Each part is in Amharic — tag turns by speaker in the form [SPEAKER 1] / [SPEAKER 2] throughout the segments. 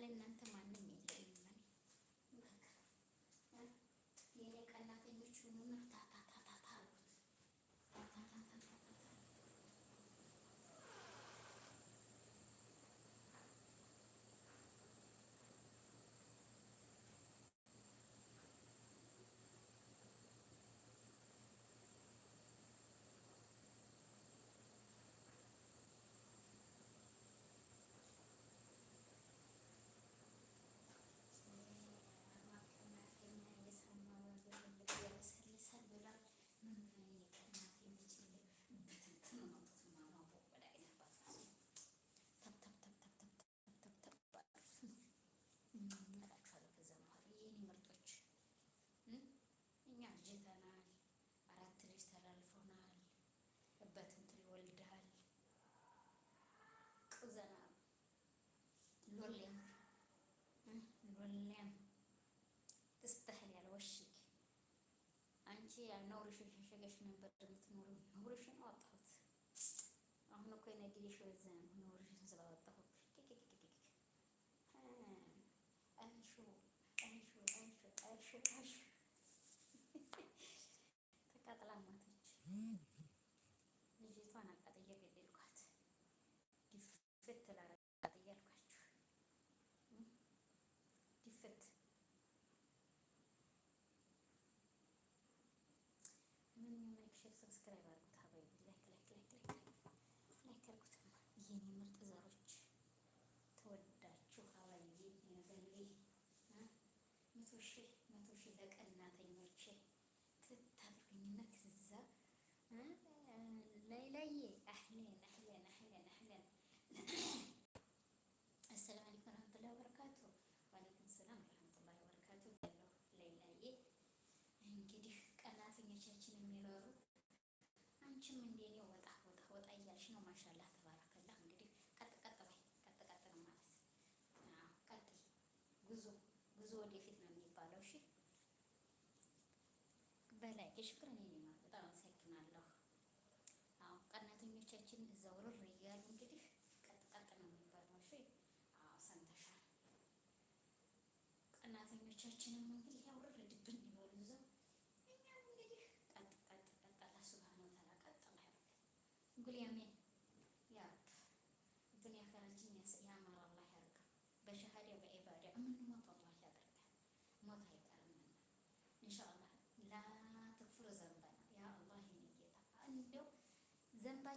[SPEAKER 1] ለእናንተ ማለት አንቺ ነውርሽን ሸሸገሽ ነበር የምትኖሩ ነውርሽን አወጣሁት። አሁን እኮ የነገደሽ በዛ ነው። ነውርሽን ስላወጣሁት እሺ እሺ እሺ እሺ ሰብስክራይብ አድርጉት። ላይክ ላይክ ላይክ ላይክ ላይክ አድርጉት። የኔ ምርጥ ዘሮች ተወዳችሁ። አባይ መቶ ሺህ መቶ ሺህ ለቀናተኞቼ እያለች ነው። ማሻላህ ተባረከላህ። እንግዲህ ቀጥ ቀጥ በይ፣ ቀጥ ቀጥ ነው ማለት ቀጥ ጉዞ ጉዞ ወደፊት ነው የሚባለው። እሺ በላይ የሽክር እኔ በጣም አመሰግናለሁ። አዎ ቀናተኞቻችን እዛ ውርር እያሉ እንግዲህ ቀጥ ቀጥ ነው የሚባለው። እሺ አዎ ቀናተኞቻችንም እንግዲህ ያው ድብን ይበሉ እዛው እኛም እንግዲህ ቀጥ ቀጥ ቀጥ አላህ ሱብሃነሁ ወተዓላ ቀጥ እንግዲህ አሜን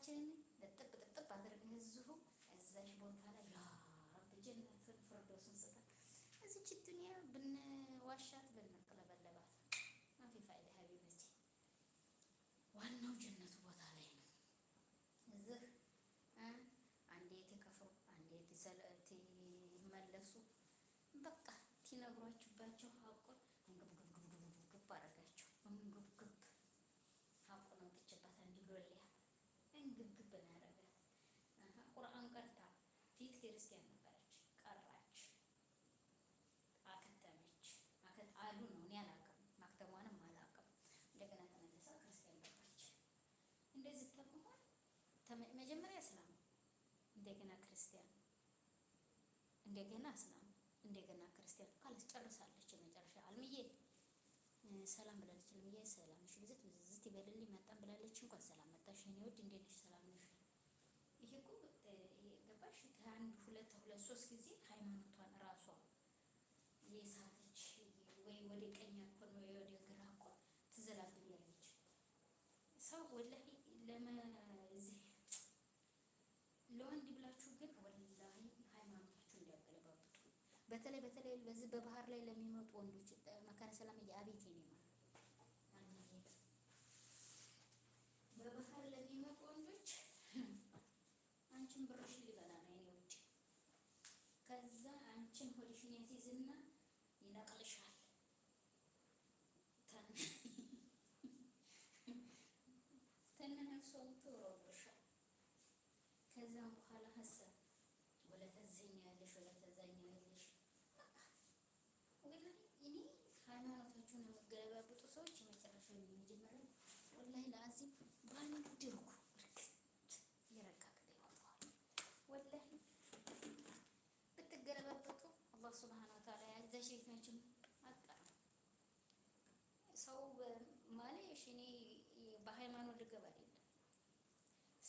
[SPEAKER 1] ራሳችንን ልጥብ ጥጥብ አድርገን እዚሁ እዛሽ ቦታ ላይ ያ ረብ ጀነትን ፍርዶስን ስጠን። እዚች ዱንያ ብንዋሻት ብንቅለበለባት ማፊ ፋይዳ ሀቢበቲ። ዋናው ጀነቱ ቦታ ላይ ነው። እዚህ አንዴ ትከፍሩ አንዴ ትመለሱ፣ በቃ ትነግሯችሁባቸው ክርስቲያን ነበረች፣ ቀራች፣ አከተመች። አሉ ነው እኔ አላውቅም፣ ማክተሟንም አላውቅም። እንደገና ተመልሳ ክርስቲያን ገባች። እንደዚህ ተመሆን መጀመሪያ እስላም፣ እንደገና ክርስቲያን፣ እንደገና እስላም፣ እንደገና ክርስቲያን ካለስ ጨርሳለች። የመጨረሻ አልምዬ ሰላም ብላለች። አልምዬ ሰላም ነሽ ብዝት ብዝት ይበልልኝ ብላለች። እንኳን ሰላም መጣሽ የኔ ውድ፣ እንዴት ነሽ? ሰላም አንድ ሁለት ሁለት ሶስት ጊዜ ሃይማኖቷን ራሷ የሳተች ወይ ወደ ቀኝ አኮን ወይ ወደ ግራ አኮን ሰው ወላሂ ለመዚህ ለወንድ ብላችሁ ግን ወላሂ ሃይማኖታችሁ እንዲያገለባብጡ በተለይ በተለይ በዚህ በባህር ላይ ለሚመጡ ወንዶች መካነ ሰላም አቤቴ እጅሽን ያስይዝና ይነቅልሻል። ከዛም በኋላ ሀሳብ ወለተዘኛ ያለሽ ወለተዛኛ ያለሽ ወላሂ እኔ ሃይማኖታችሁን የምገለባብጡ ሰዎች የመጨረሻ ወላሂ ለአዚም ባንድርኩ ስብሃነ ወተዓላ ያዛች ቤት መቼም አትቀርም። ሰው ማለት እኔ በሃይማኖት ልገባ አይደለም።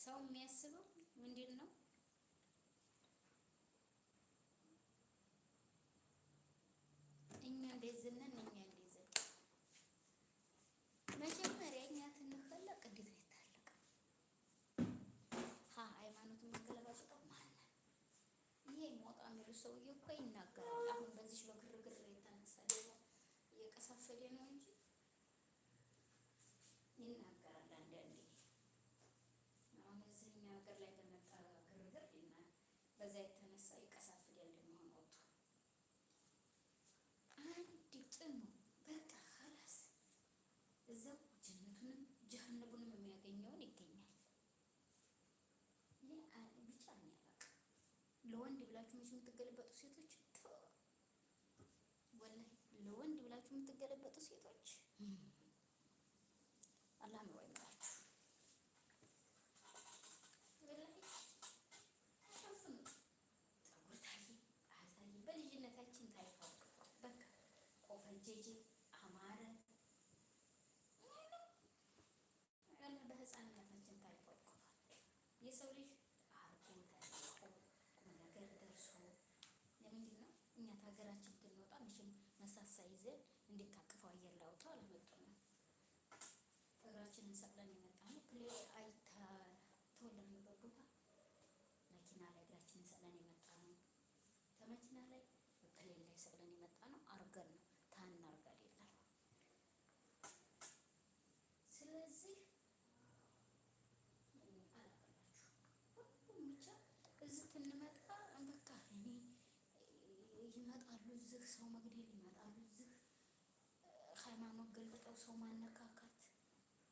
[SPEAKER 1] ሰው የሚያስበው ምንድን ነው? እኛ እንደዚህ ነን፣ እኛ እንደዚህ መጀመሪያ እኛ ትንፈለቅ እንዴት ነው ሃይማኖት መገለባበጥ ማለት ይሄ ሞጣ የሚሉ ሰውዬ እኮ ይናገራል። በዚች በግርግር የተነሳ ደግሞ እየቀሳፈደ ነው እንጂ ይናገራል። አንዳንዴ አሁን ሀገር ላይ በመጣ ግርግር በዛ የተነሳ ይቀሳፍዳል። ደግሞ አንድ ጥኑ በቃ ሀላስ እዛው ጀነቱንም የሚያገኘውን ይገኛል። ይህ ብቻ ነው ያላቅ ለወንድ ብላችሁ መች የምትገለበጡ ሴቶች ሆናችሁ የምትገለበጡ ሴቶች አላህ ኑሮ ይምራችሁ። በልጅነታችን በቃ ቆፈጀጅ አማረ በህፃንነታችን ታይቷል። የሰው ልጅ አርጎ ተለቆ ቁም ነገር ደርሶ ለምንድን ነው እኛ ከሀገራችን መቼም መሳሳ ይዘን እንዲታቅፈው አየር ላውጡ አልመጡም። እግራችንን ሰቅለን የመጣ ነው። አይታ ተወለድንበት ቦታ መኪና ላይ እግራችንን ሰቅለን የመጣ ነው። ከመኪና ላይ ላይ ሰቅለን የመጣ ነው። አርገን ነው ስለዚህ እዚህ ትንመጣ በቃ እኔ ይመጣሉ እዚህ ሰው መግደል ሃይማኖት ገልብጠው ሰው ማነካ